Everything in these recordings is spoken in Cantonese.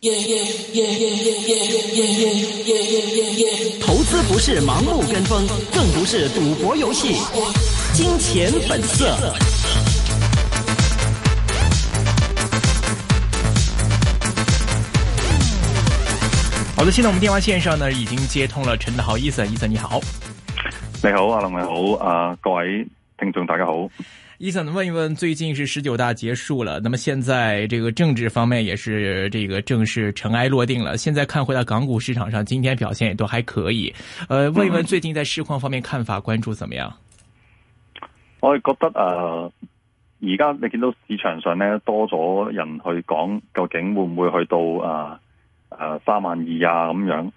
投資不是盲目跟風，更不是賭博遊戲。金錢本色。 好的，現在我們電話線上呢已經接通了陳德豪，醫生。醫生你好。你好，阿、啊、龍，你好，啊各位聽眾大家好。Eason 問一問，最近是十九大結束了，那麼現在這個政治方面也是這個正式塵埃落定了。現在看回到港股市場上，今天表現也都還可以。呃，問一問最近在市況方面看法，關注怎麼樣？我覺得誒，而、呃、家你見到市場上呢，多咗人去講究竟會唔會去到、呃呃、啊三萬二啊咁樣，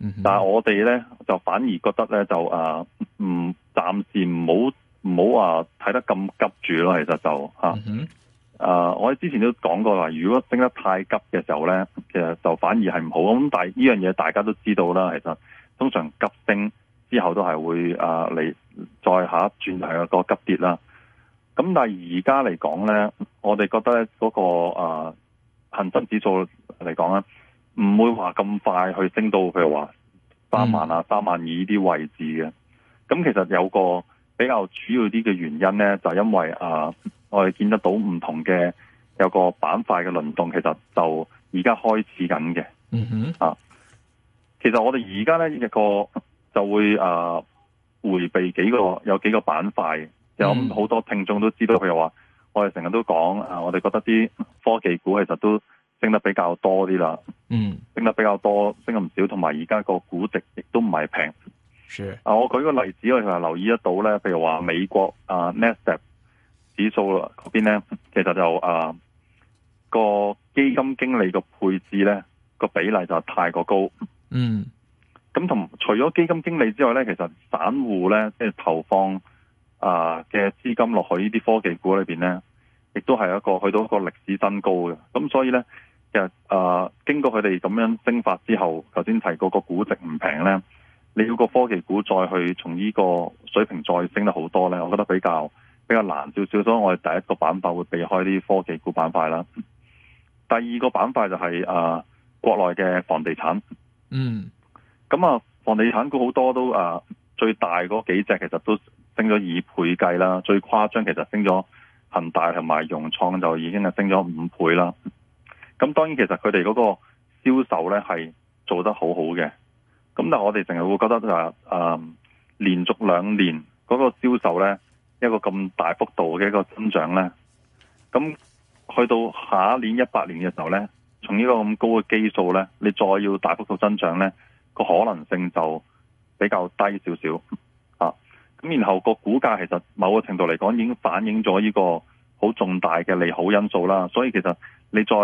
嗯、但係我哋咧就反而覺得咧就誒唔、呃、暫時唔好。唔好話睇得咁急住咯，其實就吓，誒、嗯啊，我喺之前都講過啦。如果升得太急嘅時候咧，其實就反而係唔好。咁但係呢樣嘢大家都知道啦。其實通常急升之後都係會誒嚟、啊、再下一、啊、轉係一個急跌啦。咁但係而家嚟講咧，我哋覺得嗰、那個誒、啊、恒生指數嚟講咧，唔會話咁快去升到譬如話三萬啊、三萬二呢啲位置嘅。咁其實有個比較主要啲嘅原因咧，就係因為啊，我哋見得到唔同嘅有個板塊嘅輪動，其實就而家開始緊嘅。嗯哼，啊，其實我哋而家咧一個就會啊回避幾個有幾個板塊，mm -hmm. 有好多聽眾都知道譬如話，我哋成日都講啊，我哋覺得啲科技股其實都升得比較多啲啦。嗯、mm -hmm.，升得比較多，升得唔少，同埋而家個股值亦都唔係平。是、sure.，啊，我舉個例子，我哋話留意得到咧，譬如話美國啊，納 t 達 p 指數納斯達克指數嗰邊咧，其實就啊個基金經理個配置咧個比例就太過高，嗯、mm.，咁同除咗基金經理之外咧，其實散戶咧即係投放啊嘅資金落去呢啲科技股裏邊咧，亦都係一個去到一個歷史新高嘅，咁所以咧，其實啊經過佢哋咁樣蒸發之後，頭先提嗰個估值唔平咧。你要個科技股再去從呢個水平再升得好多呢，我覺得比較比較難少少，所以我哋第一個板塊會避開啲科技股板塊啦。第二個板塊就係啊國內嘅房地產。嗯。咁啊，房地產股好多都啊最大嗰幾隻其實都升咗二倍計啦，最誇張其實升咗恒大同埋融創就已經係升咗五倍啦。咁當然其實佢哋嗰個銷售呢係做得好好嘅。咁但係我哋成日會覺得就、呃、連續兩年嗰個銷售咧一個咁大幅度嘅一個增長咧，咁去到下一年一八年嘅時候咧，從呢個咁高嘅基數咧，你再要大幅度增長咧，個可能性就比較低少少啊。咁然後個股價其實某個程度嚟講已經反映咗呢個好重大嘅利好因素啦，所以其實你再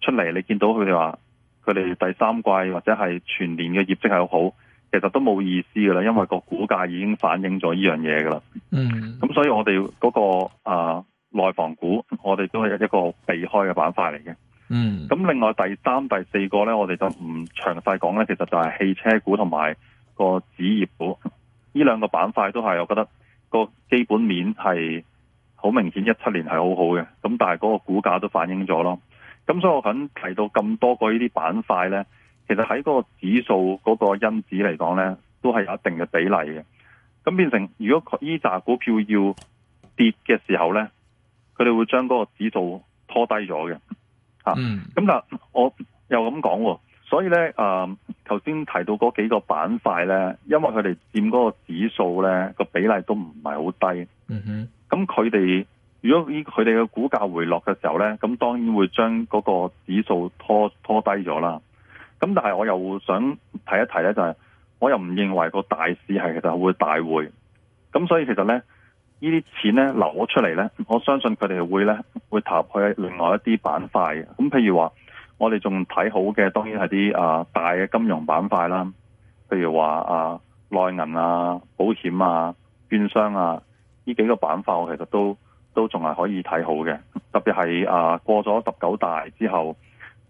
出嚟你見到佢哋話，佢哋第三季或者係全年嘅業績係好，其實都冇意思噶啦，因為個股價已經反映咗呢樣嘢噶啦。嗯，咁所以我哋嗰、那個啊呃、內房股，我哋都係一個避開嘅板塊嚟嘅。嗯，咁另外第三、第四個咧，我哋就唔詳細講咧。其實就係汽車股同埋個紙業股，呢 兩個板塊都係我覺得個基本面係好明顯一七年係好好嘅。咁但係嗰個股價都反映咗咯。咁所以我肯提到咁多個呢啲板塊咧，其實喺嗰個指數嗰個因子嚟講咧，都係有一定嘅比例嘅。咁變成如果依紮股票要跌嘅時候咧，佢哋會將嗰個指數拖低咗嘅。嚇、嗯，咁、啊、但我又咁講喎，所以咧誒，啊、頭先提到嗰幾個板塊咧，因為佢哋佔嗰個指數咧個比例都唔係好低。嗯哼，咁佢哋。如果佢哋嘅股價回落嘅時候呢，咁當然會將嗰個指數拖拖低咗啦。咁但係我又想提一提呢、就係，就係我又唔認為個大市係其實會大回，咁所以其實呢，呢啲錢呢，流咗出嚟呢，我相信佢哋會呢，會投入去另外一啲板塊。咁譬如話，我哋仲睇好嘅，當然係啲啊大嘅金融板塊啦，譬如話啊內銀啊、保險啊、券商啊，呢幾個板塊我其實都。仲係可以睇好嘅，特別係啊過咗十九大之後，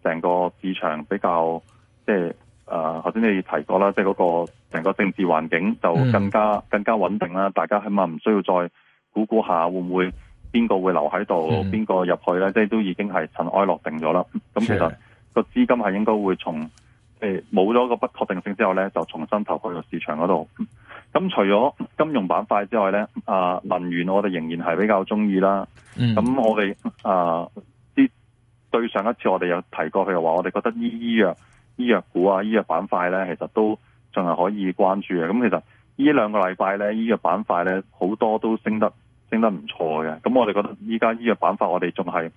成個市場比較，即係啊，呃，頭先你提過啦，即係嗰個成個政治環境就更加更加穩定啦。大家起碼唔需要再估估下會唔會邊個會留喺度，邊個入去咧，即係都已經係塵埃落定咗啦。咁其實個資金係應該會從。誒，冇咗個不確定性之後咧，就重新投去個市場嗰度。咁除咗金融板塊之外咧，啊能源我哋仍然係比較中意啦。咁、嗯、我哋啊啲對上一次我哋有提過去話，佢又話我哋覺得醫醫藥醫藥股啊、醫藥板塊咧，其實都仲係可以關注嘅。咁其實呢兩個禮拜咧，醫藥板塊咧好多都升得升得唔錯嘅。咁我哋覺得依家醫藥板塊我哋仲係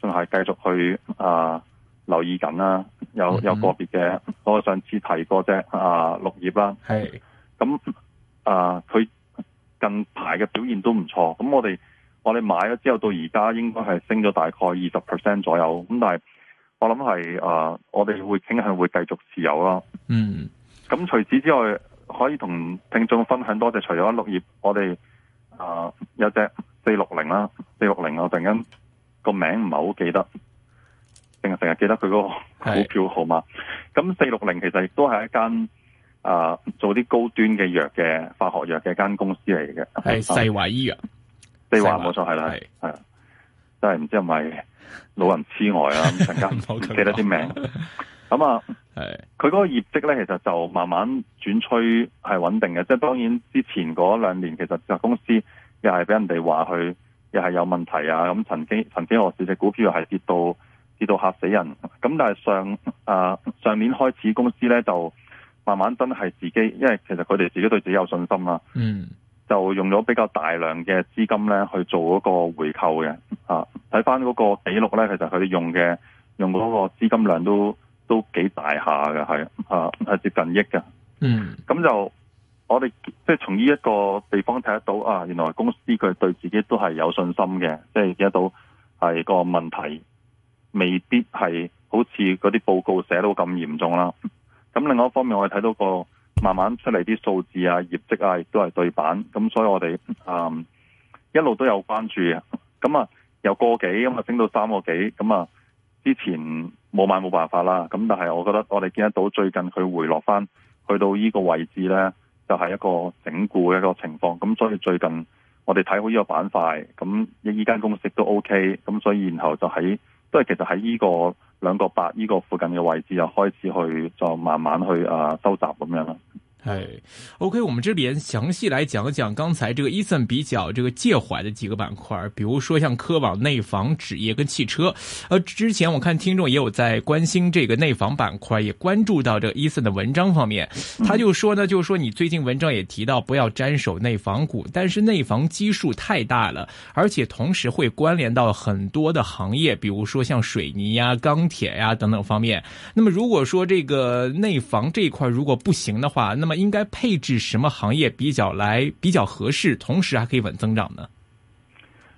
仲係繼續去啊。呃留意緊啦，有有個別嘅、嗯嗯，我上次提過隻啊、呃、綠葉啦，咁啊佢近排嘅表現都唔錯，咁我哋我哋買咗之後到而家應該係升咗大概二十 percent 左右，咁但係我諗係啊，我哋、呃、會傾向會繼續持有囉。嗯，咁除此之外，可以同聽眾分享多隻，除咗綠葉，我哋啊、呃、有隻四六零啦，四六零我突然間個名唔係好記得。成日記得佢嗰個股票號碼，咁四六零其實亦都係一間啊、呃，做啲高端嘅藥嘅化學藥嘅間公司嚟嘅。係世華醫藥，四華冇錯係啦，係係，都係唔知係咪老人痴呆 那 啊？咁陣間唔記得啲名。咁啊，係佢嗰個業績咧，其實就慢慢轉趨係穩定嘅。即係當然之前嗰兩年，其實個公司又係俾人哋話佢又係有問題啊。咁曾經曾經落市隻股票又係跌到。至到跌到吓死人咁，但係上啊上年開始公司咧就慢慢真係自己，因為其實佢哋自己對自己有信心啦。嗯，就用咗比較大量嘅資金咧去做嗰個回購嘅啊。睇翻嗰個記錄咧，其實佢哋用嘅用嗰個資金量都都幾大下嘅，係啊係接近億嘅。嗯，咁就我哋即係從呢一個地方睇得到啊，原來公司佢對自己都係有信心嘅，即係睇得到係個問題。未必係好似嗰啲報告寫到咁嚴重啦。咁另外一方面，我哋睇到個慢慢出嚟啲數字啊、業績啊，亦都係對版。咁所以我哋嗯一路都有關注。咁啊，由個幾咁啊升到三個幾。咁啊，之前冇買冇辦法啦。咁但係我覺得我哋見得到最近佢回落返去到呢個位置呢，就係一個整固一個情況。咁所以最近我哋睇好呢個板塊。咁呢間公司都 OK。咁所以然後就喺。都係，其實喺呢個兩個八呢個附近嘅位置，又開始去再慢慢去啊收集咁樣啦。哎，OK，我們這邊詳細來講講剛才這個 Eason 比較這個介懷的幾個板塊，比如說像科網、內房、紙業跟汽車。呃，之前我看聽眾也有在關心這個內房板塊，也關注到這個 Eason 的文章方面，他就說呢，就是說你最近文章也提到不要沾手內房股，但是內房基數太大了，而且同時會關聯到很多的行業，比如說像水泥呀、啊、鋼鐵呀、啊、等等方面。那麼如果說這個內房這一塊如果不行的話，那麼應該配置什麼行業比較來比較合適，同時還可以穩增長呢？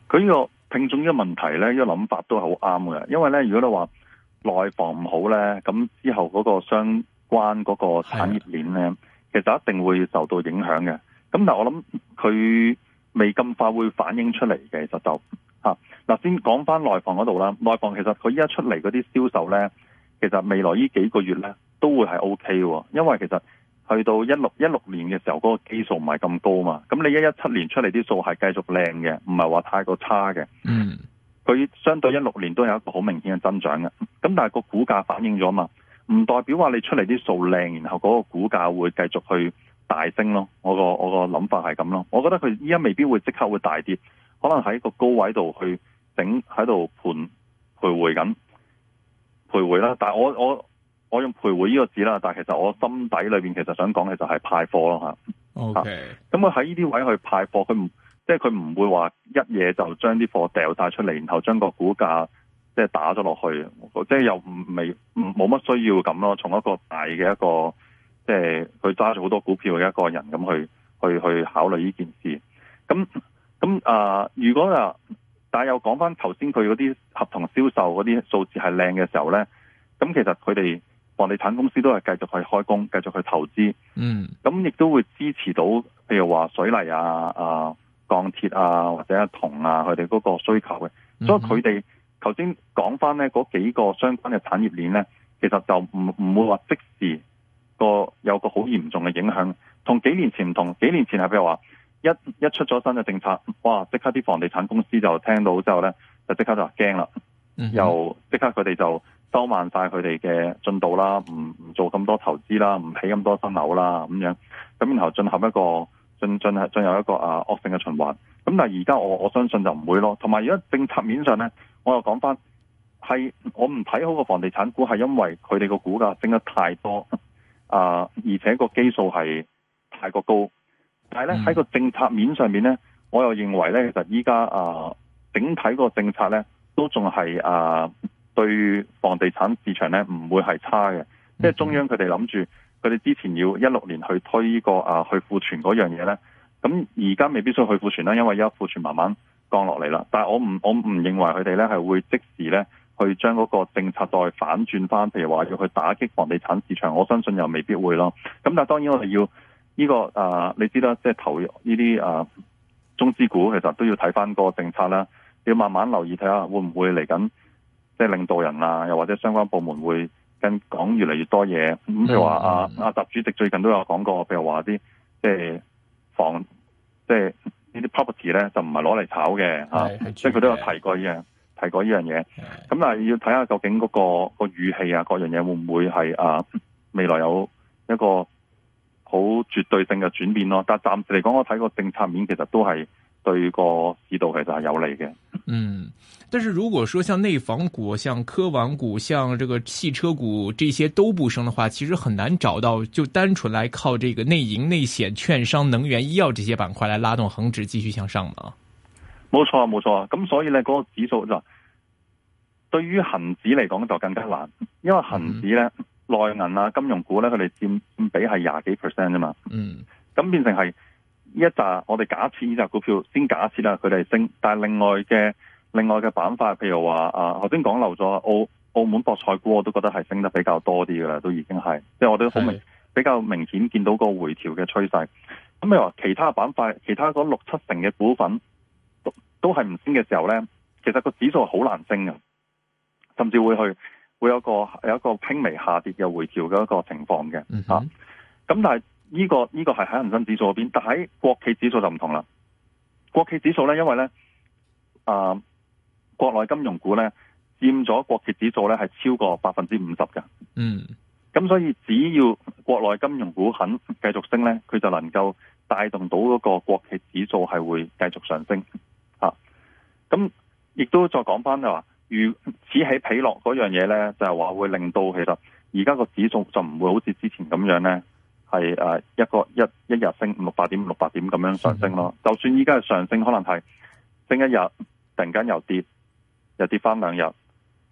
佢呢個聽眾嘅問題呢、呢個諗法都係好啱嘅。因為呢，如果你話內房唔好呢，咁之後嗰個相關嗰個產業鏈呢，其實一定會受到影響嘅。咁但，我諗佢未咁快會反映出嚟嘅，其實就吓嗱、啊。先講翻內房嗰度啦，內房其實佢依家出嚟嗰啲銷售呢，其實未來呢幾個月呢，都會係 O K 嘅，因為其實。去到一六一六年嘅時候，嗰、那個基數唔係咁高嘛，咁你一一七年出嚟啲數係繼續靚嘅，唔係話太過差嘅。嗯，佢相對一六年都有一個好明顯嘅增長嘅，咁但係個股價反映咗嘛，唔代表話你出嚟啲數靚，然後嗰個股價會繼續去大升咯。我個我個諗法係咁咯，我覺得佢依家未必會即刻會大跌，可能喺個高位度去整喺度盤徘徊緊徘徊啦。但係我我。我我用徘徊呢個字啦，但係其實我心底裏邊其實想講嘅就係派貨咯吓，Okay. 咁佢喺呢啲位去派貨，佢唔即係佢唔會話一嘢就將啲貨掉晒出嚟，然後將個股價即係打咗落去。即係又未冇乜需要咁咯。從一個大嘅一個即係佢揸住好多股票嘅一個人咁去去去考慮呢件事。咁咁啊，如果啊，但係又講翻頭先佢嗰啲合同銷售嗰啲數字係靚嘅時候咧，咁其實佢哋。房地產公司都係繼續去開工，繼續去投資，嗯，咁亦都會支持到，譬如話水泥啊、啊鋼鐵啊或者銅啊，佢哋嗰個需求嘅，mm -hmm. 所以佢哋頭先講翻咧嗰幾個相關嘅產業鏈咧，其實就唔唔會話即時有個有個好嚴重嘅影響，同幾年前唔同，幾年前係譬如話一一出咗新嘅政策，哇，即刻啲房地產公司就聽到之後咧，就即刻就話驚啦，mm -hmm. 又即刻佢哋就。收慢晒佢哋嘅進度啦，唔唔做咁多投資啦，唔起咁多新樓啦，咁樣，咁然後進行一個進進進入一個啊惡性嘅循環。咁但係而家我我相信就唔會咯。同埋而家政策面上咧，我又講返係我唔睇好個房地產股，係因為佢哋個股價升得太多啊，而且個基數係太過高。但係咧喺個政策面上面咧，我又認為咧其實依家啊整體個政策咧都仲係啊。對房地產市場咧，唔會係差嘅，即係中央佢哋諗住佢哋之前要一六年去推呢、呢個啊，去庫存嗰樣嘢咧，咁而家未必需要去庫存啦，因為而家庫存慢慢降落嚟啦。但係我唔我唔認為佢哋咧係會即時咧去將嗰個政策再反轉翻，譬如話要去打擊房地產市場，我相信又未必會咯。咁、嗯、但係當然我哋要呢、呢個啊，你知啦，即係投入呢啲啊中資股，其實都要睇翻個政策啦，要慢慢留意睇下會唔會嚟緊。即、就、係、是、領導人啊，又或者相關部門會跟講越嚟越多嘢。咁譬如話啊，阿習主席最近都有講過，譬如話啲即係房，即係呢啲 property 咧就唔係攞嚟炒嘅嚇。即係佢都有提過依樣，提過依樣嘢。咁但係要睇下究竟嗰、那個個語氣啊，各樣嘢會唔會係啊未來有一個好絕對性嘅轉變咯、啊？但係暫時嚟講，我睇個政策面其實都係。對個指導其實係有利嘅，嗯，但是如果說像內房股、像科網股、像這個汽車股這些都不升的話，其實很難找到就單純來靠這個內銀、內險、券商、能源、醫藥這些板塊來拉動恒指繼續向上嘛。冇錯啊，冇錯啊，咁所以咧，嗰、那個指數就對於恒指嚟講就更加難，因為恒指咧、嗯、內銀啊、金融股咧，佢哋佔比係廿幾 percent 啫嘛，嗯，咁變成係。呢一集我哋假設呢隻股票先假設啦，佢哋升，但係另外嘅另外嘅板塊，譬如話啊，頭先講漏咗澳澳門博彩股，我都覺得係升得比較多啲噶啦，都已經係，即係我哋好明比較明顯見到個回調嘅趨勢。咁你話其他板塊，其他嗰六七成嘅股份都都係唔升嘅時候咧，其實個指數係好難升嘅，甚至會去會有個有一個輕微下跌嘅回調嘅一個情況嘅吓。咁、啊、但係呢、這個呢、這個係喺恒生指數嗰邊，但喺國企指數就唔同啦。國企指數咧，因為咧，啊、呃，國內金融股咧佔咗國企指數咧係超過百分之五十嘅。嗯。咁所以只要國內金融股肯繼續升咧，佢就能夠帶動到嗰個國企指數係會繼續上升。吓、啊，咁亦都再講翻就話，如此起彼落嗰樣嘢咧，就係、是、話會令到其實而家個指數就唔會好似之前咁樣咧。係誒、啊，一個一一日升五六百點，五六百點咁樣上升咯。就算依家係上升，可能係升一日，突然間又跌，又跌翻兩日，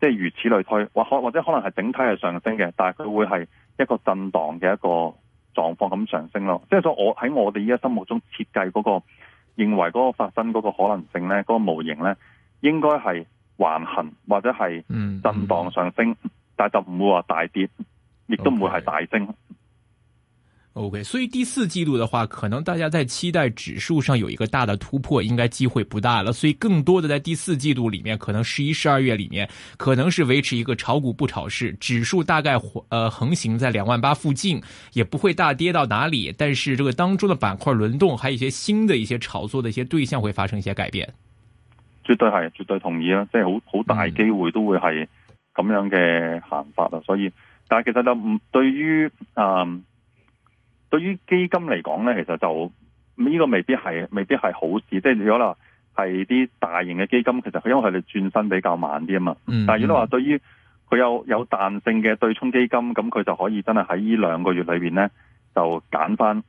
即係如此類推。或可或者可能係整體係上升嘅，但係佢會係一個震蕩嘅一個狀況咁上升咯。即係所我喺我哋依家心目中設計嗰個認為嗰個發生嗰個可能性呢，嗰個模型呢，應該係橫行或者係震蕩上升，嗯嗯但係就唔會話大跌，亦都唔會係大升。Okay. OK，所以第四季度的話，可能大家在期待指數上有一個大的突破，應該機會不大了。所以更多的在第四季度裏面，可能十一、十二月裏面，可能是維持一個炒股不炒市，指數大概呃橫行在兩萬八附近，也不會大跌到哪裏。但是這個當中的板塊輪動，還有一些新的一些炒作的一些對象會發生一些改變。絕對係，絕對同意啊！即係好好大機會都會係咁樣嘅行法啦、嗯。所以，但係其實就唔對於啊。呃對於基金嚟講咧，其實就呢個未必係未必係好事。即係如果啦，係啲大型嘅基金，其實因為佢哋轉身比較慢啲啊嘛。但係如果話對於佢有有彈性嘅對沖基金，咁佢就可以真係喺呢兩個月裏面咧，就揀翻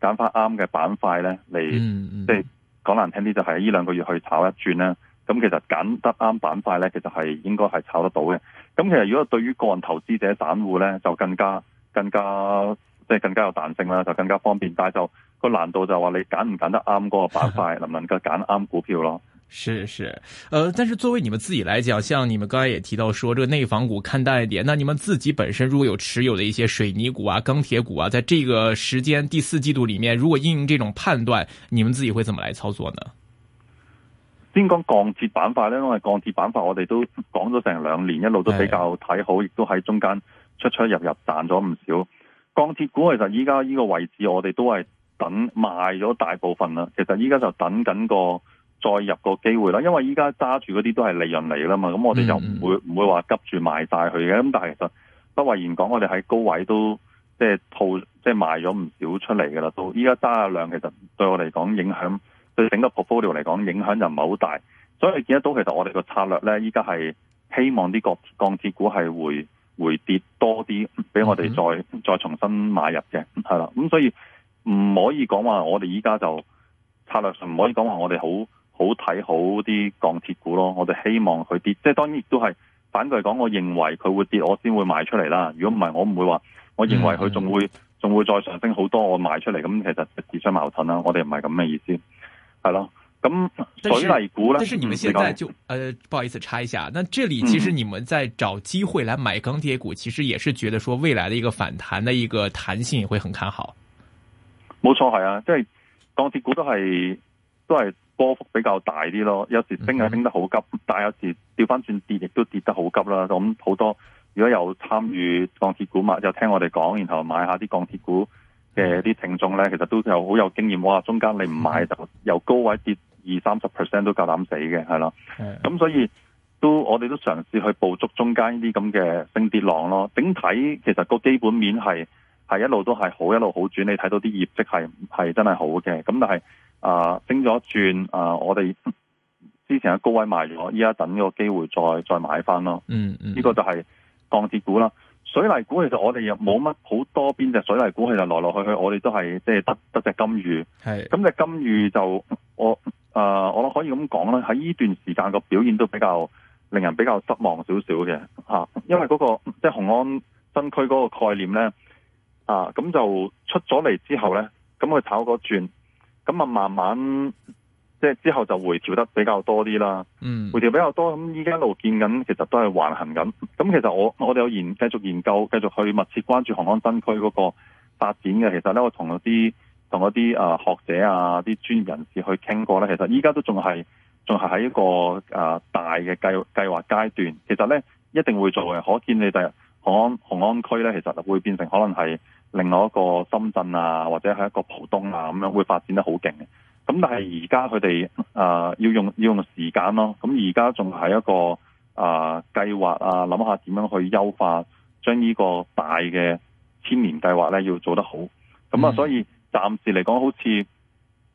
揀翻啱嘅板塊咧嚟，即係講難聽啲就係呢兩個月去炒一轉啦。咁其實揀得啱板塊咧，其實係應該係炒得到嘅。咁其實如果對於個人投資者散戶咧，就更加更加。即係更加有彈性啦，就更加方便，但係就個難度就話你揀唔揀得啱嗰個板塊， 能唔能夠揀啱股票咯？是是，呃，但是作為你們自己來講，像你們剛才也提到說，這個內房股看淡一點，那你們自己本身如果有持有的一些水泥股啊、鋼鐵股啊，在這個時間第四季度裏面，如果應用這種判斷，你們自己會怎麼來操作呢？先講鋼鐵板塊呢，因為鋼鐵板塊我哋都講咗成兩年，一路都比較睇好，亦 都喺中間出出入入賺咗唔少。鋼鐵股其實依家呢個位置我，我哋都係等賣咗大部分啦。其實依家就等緊個再入個機會啦。因為依家揸住嗰啲都係利潤嚟啦嘛，咁我哋又唔會唔、嗯嗯、會話急住賣晒去嘅。咁但係其實不諱言講，我哋喺高位都即係套即係賣咗唔少出嚟噶啦。到依家揸嘅量，其實對我嚟講影響對整個 portfolio 嚟講影響就唔係好大。所以你見得到，其實我哋個策略咧，依家係希望啲鋼鋼鐵股係會。回跌多啲，俾我哋再再重新買入嘅，係啦，咁所以唔可以講話我哋依家就策略上唔可以講話我哋好好睇好啲鋼鐵股咯，我哋希望佢跌，即係當然亦都係反過嚟講，我認為佢會跌，我先會賣出嚟啦。如果唔係，我唔會話，我認為佢仲會仲會再上升好多，我賣出嚟，咁其實自相矛盾啦。我哋唔係咁嘅意思，係咯。咁水泥股啦，即係你們現在就，呃，不好意思插一下，那這裏其實你們在找機會來買鋼鐵股、嗯，其實也是覺得說未來的一個反彈的一個彈性會很看好。冇錯係啊，即係鋼鐵股都係都係波幅比較大啲咯，有時升係升得好急、嗯，但係有時調翻轉跌亦都跌得好急啦。咁好多如果有參與鋼鐵股嘛，又聽我哋講，然後買下啲鋼鐵股嘅啲聽眾咧，其實都有好有經驗。哇、嗯，中間你唔買就由高位跌。二三十 percent 都夠膽死嘅，係咯，咁所以都我哋都嘗試去捕捉中間呢啲咁嘅升跌浪咯。整體其實個基本面係係一路都係好，一路好轉。你睇到啲業績係係真係好嘅。咁但係啊升咗轉啊、呃，我哋之前喺高位賣咗，依家等呢個機會再再買翻咯。嗯嗯，嗯，呢、呢個就係鋼鐵股啦，水泥股其實我哋又冇乜好多邊隻水泥股，其實來來去去我哋都係即係得得隻金魚。係，咁隻金魚就我。誒、uh，我諗可以咁講啦，喺呢段時間個表現都比較令人比較失望少少嘅嚇，因為嗰、那個即係雄安新區嗰個概念呢，啊，咁就出咗嚟之後呢，咁佢炒個轉，咁啊慢慢即係、就是、之後就回調得比較多啲啦，嗯，回調比較多，咁依家一路見緊，其實都係橫行緊。咁其實我我哋有研繼續研究，繼續去密切關注雄安新區嗰個發展嘅。其實呢，我同嗰啲。同一啲誒學者啊，啲專業人士去傾過咧。其實依家都仲係仲係喺一個誒、呃、大嘅計計劃階段。其實咧一定會做嘅，可見你就係雄安雄安區咧，其實會變成可能係另外一個深圳啊，或者係一個浦東啊咁樣，會發展得好勁嘅。咁但係而家佢哋誒要用要用時間咯。咁而家仲係一個誒、呃、計劃啊，諗下點樣去優化將呢個大嘅千年計劃咧，要做得好。咁、嗯、啊，所以。暫時嚟講，好似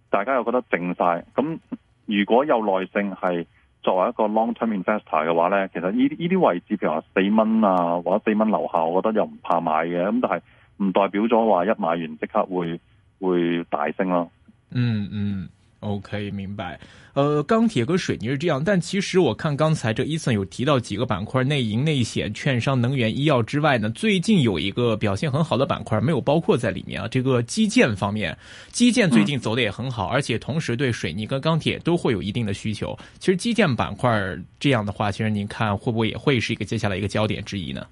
大家又覺得靜晒。咁如果有耐性係作為一個 long term investor 嘅話呢，其實呢啲呢啲位置，譬如話四蚊啊，或者四蚊樓下，我覺得又唔怕買嘅。咁但係唔代表咗話一買完即刻會會大升囉。嗯嗯。OK，明白。呃，鋼鐵和水泥是這樣，但其實我看剛才這個 Eason 有提到幾個板塊，內銀、內險、券商、能源、醫藥之外呢，最近有一個表現很好的板塊沒有包括在裡面啊。這個基建方面，基建最近走得也很好，而且同時對水泥跟鋼鐵都會有一定的需求。其實基建板塊這樣的話，其實您看會不會也會是一個接下來一個焦點之一呢？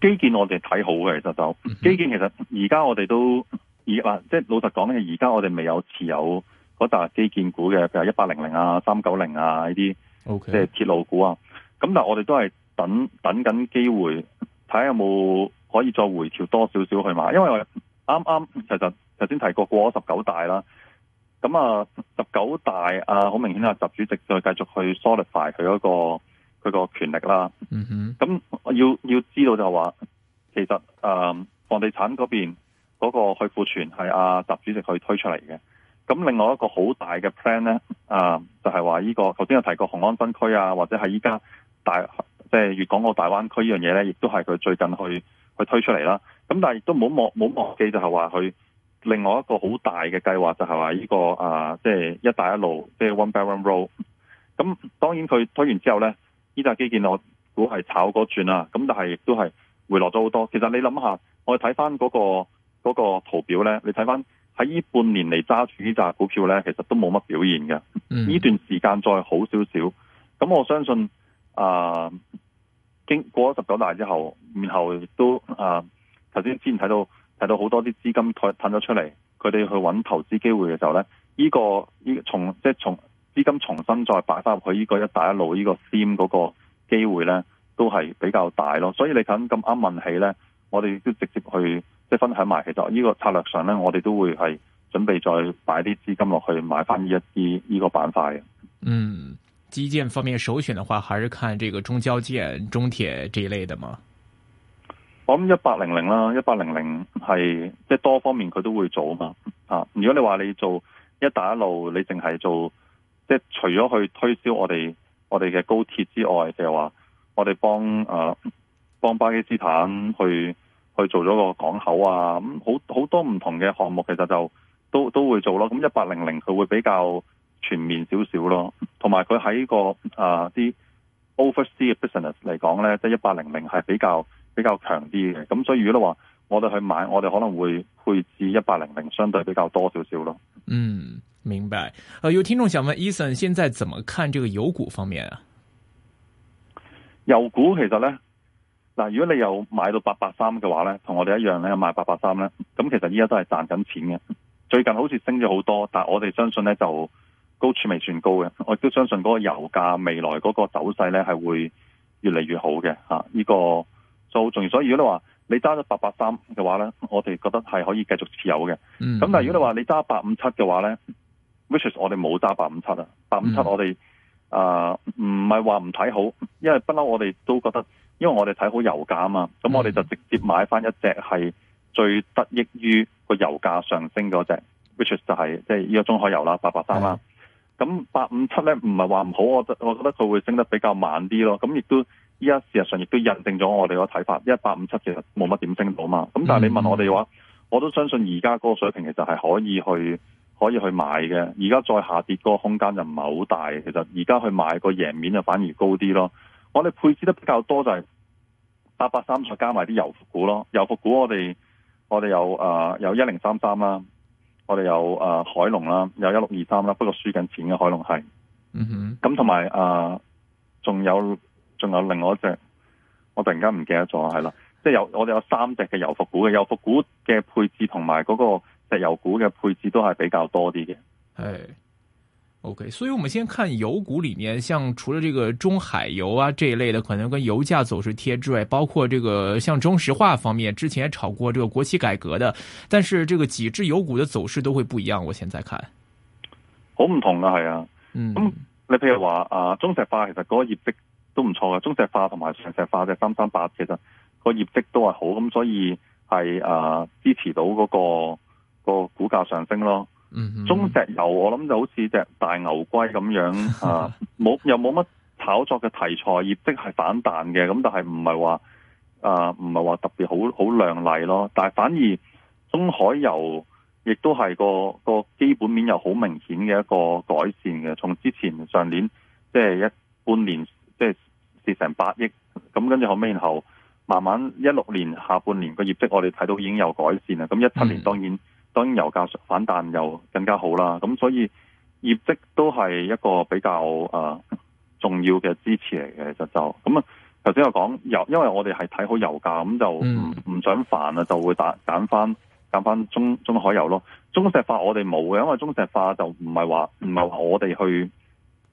基建我哋睇好嘅，其實就基建其實而家我哋都而話即係老實講咧，而家我哋未有持有。一笪基建股嘅，譬如一八零零啊、三九零啊呢啲，即係鐵路股啊。咁、okay. 但係我哋都係等等緊機會，睇下有冇可以再回調多少少去買。因為我啱啱其實頭先提過過咗十九大啦。咁啊，十九大啊，好明顯啊，習主席再繼續去 solidify 佢嗰、嗰個佢個權力啦。咁、mm -hmm. 要要知道就話，其實誒、啊，房地產嗰邊嗰個去庫存係啊習主席去推出嚟嘅。咁另外一個好大嘅 plan 咧，啊，就係話呢個頭先有提過雄安新區啊，或者係依家大即係、就是、粵港澳大灣區呢樣嘢咧，亦都係佢最近去去推出嚟啦。咁但係亦都冇忘冇忘記，就係話佢另外一個好大嘅計劃，就係話呢個啊，即、就、係、是、一帶一路，即、就、係、是、One Belt One Road。咁當然佢推完之後咧，呢紮基建我估係炒嗰轉啦。咁但係都係回落咗好多。其實你諗下，我哋睇翻嗰個嗰、那個、圖表咧，你睇翻。喺呢半年嚟揸住呢扎股票咧，其實都冇乜表現嘅。呢、mm -hmm. 段時間再好少少，咁我相信啊，經過咗十九大之後，然後都啊，頭先之前睇到睇到好多啲資金退褪咗出嚟，佢哋去揾投資機會嘅時候咧，呢、呢個呢從即係從資金重新再擺翻入去呢個一帶一路呢、呢個啓嗰個機會咧，都係比較大咯。所以你咁咁啱問起咧，我哋都直接去。即分享埋，其實呢個策略上咧，我哋都會係準備再擺啲資金落去買返呢一啲呢個板塊嘅。嗯，基建方面首選嘅話，還是看這個中交建、中鐵這一類的嗎？我諗一八零零啦，一八零零係即係多方面佢都會做啊。啊，如果你話你做一帶一路，你淨係做即係除咗去推銷我哋我哋嘅高鐵之外，就話、是、我哋幫誒、啊、幫巴基斯坦去。去做咗個港口啊，咁好好多唔同嘅項目，其實就都都會做咯。咁一八零零佢會比較全面少少咯，同埋佢喺個啊啲、呃、oversea business 嚟講咧，即係一八零零係比較比較強啲嘅。咁所以如果你話，我哋去買，我哋可能會配置一八零零相對比較多少少咯。嗯，明白。誒，有聽眾想問，Eason 現在怎麼看這個油股方面啊？油股其實咧，嗱，如果你有買到八八三嘅話咧，同我哋一樣咧，買八八三咧，咁其實依家都係賺緊錢嘅。最近好似升咗好多，但係我哋相信咧就高處未算高嘅。我亦都相信嗰個油價未來嗰個走勢咧係會越嚟越好嘅。呢、呢個就好重要。所以如果你，你883的話你揸咗八八三嘅話咧，我哋覺得係可以繼續持有嘅。咁、嗯、但係如果你，你 8, 5, 的話你揸八五七嘅話咧，which is 我哋冇揸八五七啊，八五七我哋啊唔係話唔睇好，因為不嬲我哋都覺得。因為我哋睇好油價啊嘛，咁我哋就直接買翻一隻係最得益於個油價上升嗰隻、mm.，which is, 就係即係依個中海油啦，八八三啦。咁八五七咧唔係話唔好，我我覺得佢會升得比較慢啲咯。咁亦都依家事實上亦都印證咗我哋個睇法，因為八五七其實冇乜點升到嘛。咁但係你問我哋嘅話，mm. 我都相信而家嗰個水平其實係可以去可以去買嘅。而家再下跌個空間就唔係好大，其實而家去買個贏面就反而高啲咯。我哋配置得比較多就係、是。八百三再加埋啲油服股咯，油服股我哋我哋有誒有一零三三啦，我哋有誒海隆啦，有一六二三啦，呃、1623, 不過輸緊錢嘅海隆係，嗯、mm、哼 -hmm.，咁同埋誒仲有仲有另外一隻，我突然間唔記得咗係啦，即係、就是、有我哋有三隻嘅油服股嘅，油服股嘅配置同埋嗰個石油股嘅配置都係比較多啲嘅，係。O.K.，所以，我們先看油股裏面，像除了這個中海油啊這一類的，可能跟油價走勢貼之外，包括這個像中石化方面，之前也炒過這個國企改革的，但是這個幾隻油股的走勢都會不一樣。我現在看，好唔同是啊，係啊，嗯，咁你譬如話啊，中石化其實個業績都唔錯嘅，中石化同埋上石化即係三三八，其實個業績都係好，咁所以係啊支持到嗰、個、個股價上升咯。嗯嗯，中石油我諗就好似隻大牛龜咁樣吓，冇、 啊、又冇乜炒作嘅題材，業績係反彈嘅，咁但係唔係話誒唔係話特別好好亮麗咯。但係反而中海油亦都係個個基本面又好明顯嘅一個改善嘅，從之前上年即係一半年即係蝕成百億，咁跟住後尾然後慢慢一六年下半年個業績我哋睇到已經有改善啦。咁一七年當然。嗯當然當油價反彈又更加好啦，咁所以業績都係一個比較誒、呃、重要嘅支持嚟嘅，其實就就咁啊。頭先我講油，因為我哋係睇好油價，咁就唔唔想煩啊，就會打揀返揀返中中海油咯。中石化我哋冇嘅，因為中石化就唔係話唔係我哋去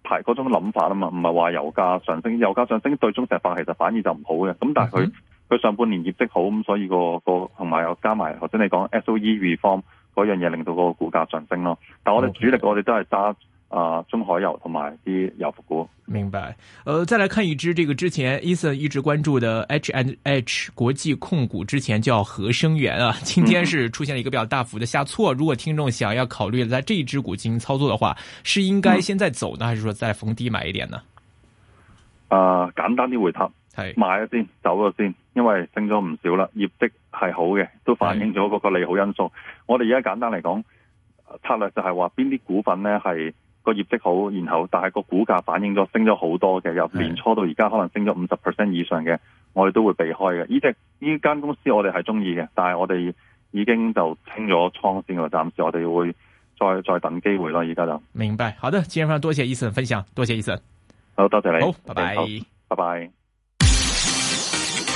排嗰種諗法啊嘛，唔係話油價上升，油價上升對中石化其實反而就唔好嘅。咁但係佢。嗯佢上半年業績好，咁所以個個同埋又加埋，或者你講 SOE reform 嗰樣嘢，令到個股價上升咯。但我哋主力我哋都係揸啊中海油同埋啲油服股。明白。呃，再嚟看一支，這個之前 Eason 一直關注的 H and H 國際控股，之前叫合生元啊，今天是出現了一個比較大幅的下挫。嗯、如果聽眾想要考慮在這一支股進行操作的話，是應該先再走呢，還是說再逢低買一點呢？啊、呃，簡單啲回頭，係買咗先，走咗先。因為升咗唔少啦，業績係好嘅，都反映咗嗰個利好因素。我哋而家簡單嚟講，策略就係話邊啲股份咧，係個業績好，然後但係個股價反映咗升咗好多嘅，由年初到而家可能升咗五十 percent 以上嘅，我哋都會避開嘅。呢隻呢間公司我哋係中意嘅，但係我哋已經就清咗倉先嘅，暫時我哋會再再等機會咯。而家就。明白，好的，今日多謝 Eason 分享，多謝 Eason，好多謝你，好，拜拜，拜拜。拜拜。